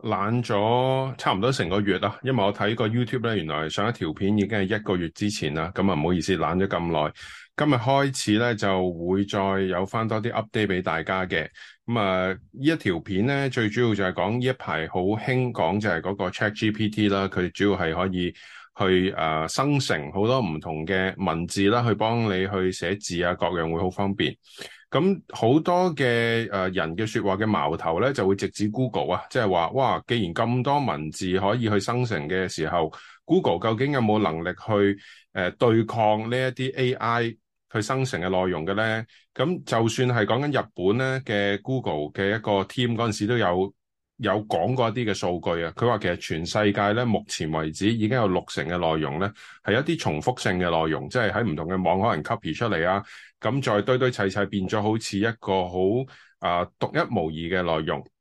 懶咗差唔多成個月啦，因為我睇個 YouTube 咧，原來上一條片已經係一個月之前啦，咁啊，唔好意思懶咗咁耐，今日開始咧就會再有翻多啲 update 俾大家嘅。咁、嗯、啊呢一條片咧最主要就係講呢一排好興講就係嗰個 ChatGPT 啦，佢主要係可以去誒、呃、生成好多唔同嘅文字啦，去幫你去寫字啊各樣會好方便，咁、嗯、好多嘅誒人嘅說話嘅矛頭咧就會直指 Google 啊，即係話哇！既然咁多文字可以去生成嘅時候，Google 究竟有冇能力去誒對抗呢一啲 AI 去生成嘅內容嘅咧？咁就算係講緊日本咧嘅 Google 嘅一個 team 嗰陣時都有有講過一啲嘅數據啊。佢話其實全世界咧目前為止已經有六成嘅內容咧，係一啲重複性嘅內容，即係喺唔同嘅網可能 copy 出嚟啊，咁再堆堆砌砌變咗好似一個好啊、呃、獨一無二嘅內容。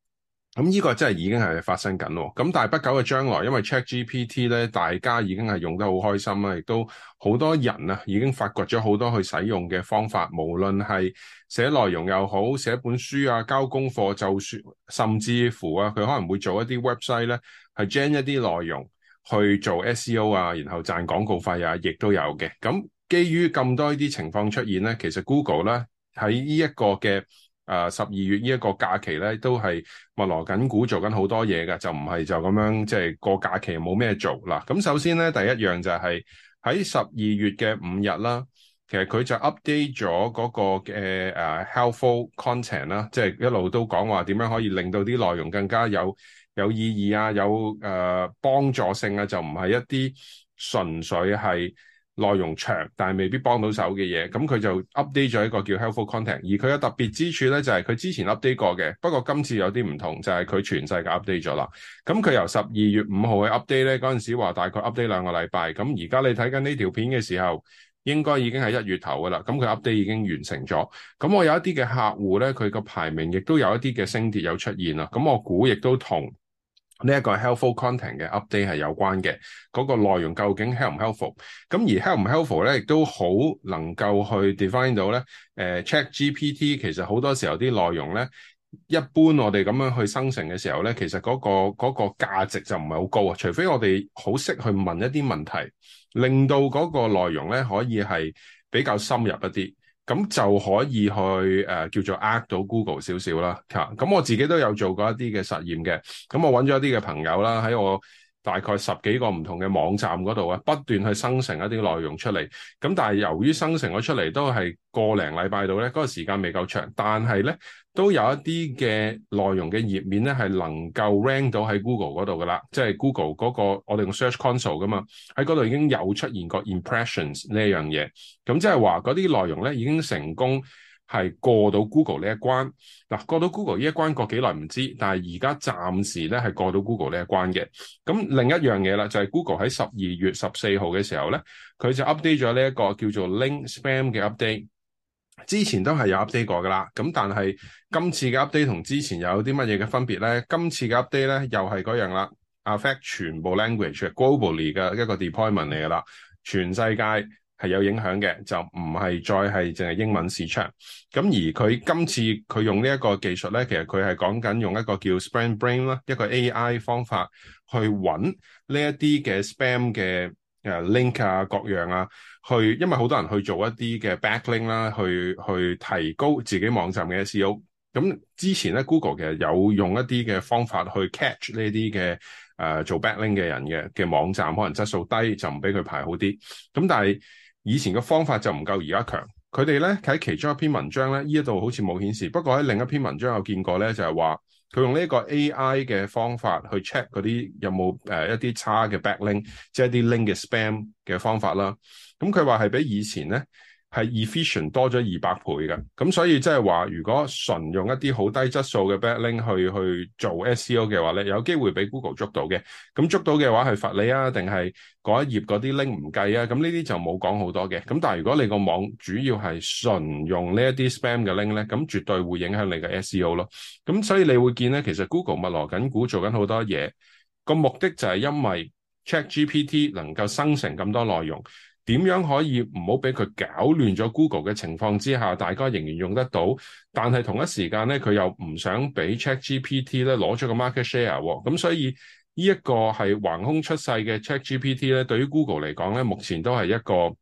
咁呢個真係已經係發生緊，咁但係不久嘅將來，因為 ChatGPT 咧，大家已經係用得好開心啦，亦都好多人啊，已經發掘咗好多去使用嘅方法，無論係寫內容又好，寫本書啊，交功課、就算，甚至乎啊，佢可能會做一啲 website 咧，係 gen 一啲內容去做 SEO 啊，然後賺廣告費啊，亦都有嘅。咁基於咁多呢啲情況出現咧，其實 Google 咧喺呢一個嘅。誒十二月呢一個假期咧，都係密鑼緊鼓做緊好多嘢㗎，就唔係就咁樣即係、就是、過假期冇咩做喇。咁首先咧，第一樣就係喺十二月嘅五日啦，其實佢就 update 咗嗰個嘅誒 helpful content 啦，即係一路都講話點樣可以令到啲內容更加有有意義啊，有誒、uh, 幫助性啊，就唔係一啲純粹係。內容長但係未必幫到手嘅嘢，咁佢就 update 咗一個叫 Helpful Content，而佢嘅特別之處咧，就係佢之前 update 過嘅，不過今次有啲唔同，就係佢全世界 update 咗啦。咁佢由十二月五號去 update 咧，嗰陣時話大概 update 兩個禮拜，咁而家你睇緊呢條片嘅時候，應該已經係一月頭噶啦。咁佢 update 已經完成咗，咁我有一啲嘅客戶咧，佢個排名亦都有一啲嘅升跌有出現啦。咁我估亦都同。呢一個 helpful content 嘅 update 係有關嘅，嗰個內容究竟 help 唔 helpful？咁而 help 唔 helpful 咧，亦都好能夠去 define 到咧。誒、呃、ChatGPT 其實好多時候啲內容咧，一般我哋咁樣去生成嘅時候咧，其實嗰個嗰個價值就唔係好高啊。除非我哋好識去問一啲問題，令到嗰個內容咧可以係比較深入一啲。咁就可以去誒、呃、叫做呃到 Google 少少啦，嚇、啊！咁我自己都有做過一啲嘅實驗嘅，咁我揾咗一啲嘅朋友啦，喺我。大概十幾個唔同嘅網站嗰度啊，不斷去生成一啲內容出嚟。咁但係由於生成咗出嚟都係個零禮拜度咧，嗰個時間未夠長。但係咧都有一啲嘅內容嘅頁面咧係能夠 rank 到喺 Google 嗰度㗎喇，即係 Google 嗰個我哋用 Search Console 㗎嘛，喺嗰度已經有出現過 impressions 呢樣嘢。咁即係話嗰啲內容咧已經成功。係過到 Google 呢一關，嗱，過到 Google 呢一關，過幾耐唔知，但係而家暫時咧係過到 Google 呢一關嘅。咁另一樣嘢啦，就係 Google 喺十二月十四號嘅時候咧，佢就 update 咗呢一個叫做 Link Spam 嘅 update。之前都係有 update 過噶啦，咁但係今次嘅 update 同之前有啲乜嘢嘅分別咧？今次嘅 update 咧又係嗰樣啦，affect 全部 language globally 嘅一個 deployment 嚟噶啦，全世界，係有影響嘅，就唔係再係淨係英文市場。咁而佢今次佢用呢一個技術咧，其實佢係講緊用一個叫 Spam Brain 啦，一個 AI 方法去揾呢一啲嘅 Spam 嘅誒 link 啊，各樣啊，去因為好多人去做一啲嘅 backlink 啦、啊，去去提高自己網站嘅 SEO。咁之前咧 Google 其實有用一啲嘅方法去 catch 呢啲嘅誒做 backlink 嘅人嘅嘅網站，可能質素低就唔俾佢排好啲。咁但係，以前嘅方法就唔夠而家強，佢哋咧喺其中一篇文章咧，呢一度好似冇顯示，不過喺另一篇文章有見過咧，就係話佢用呢個 A.I. 嘅方法去 check 嗰啲有冇誒、呃、一啲差嘅 backlink，即係啲 link 嘅 spam 嘅方法啦。咁佢話係比以前咧。係 efficient 多咗二百倍嘅，咁所以即係話，如果純用一啲好低質素嘅 backlink 去去做 SEO 嘅話咧，有機會俾 Google 捉到嘅，咁捉到嘅話係罰你啊，定係嗰一頁嗰啲 link 唔計啊，咁呢啲就冇講好多嘅，咁但係如果你個網主要係純用呢一啲 spam 嘅 link 咧，咁絕對會影響你嘅 SEO 咯，咁所以你會見咧，其實 Google 咪羅緊股做緊好多嘢，個目的就係因為 ChatGPT 能夠生成咁多內容，點樣可以唔好俾佢搞亂咗 Google 嘅情況之下，大家仍然用得到，但係同一時間咧，佢又唔想俾 ChatGPT 咧攞出個 market share，哦。咁、嗯、所以呢一、這個係橫空出世嘅 ChatGPT 咧，對於 Google 嚟講咧，目前都係一個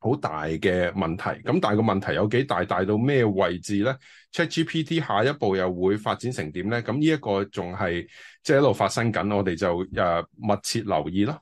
好大嘅問題。咁但係個問題有幾大？大到咩位置咧？ChatGPT 下一步又會發展成點咧？咁、嗯、呢、這個就是、一個仲係即係一路發生緊，我哋就誒、啊、密切留意咯。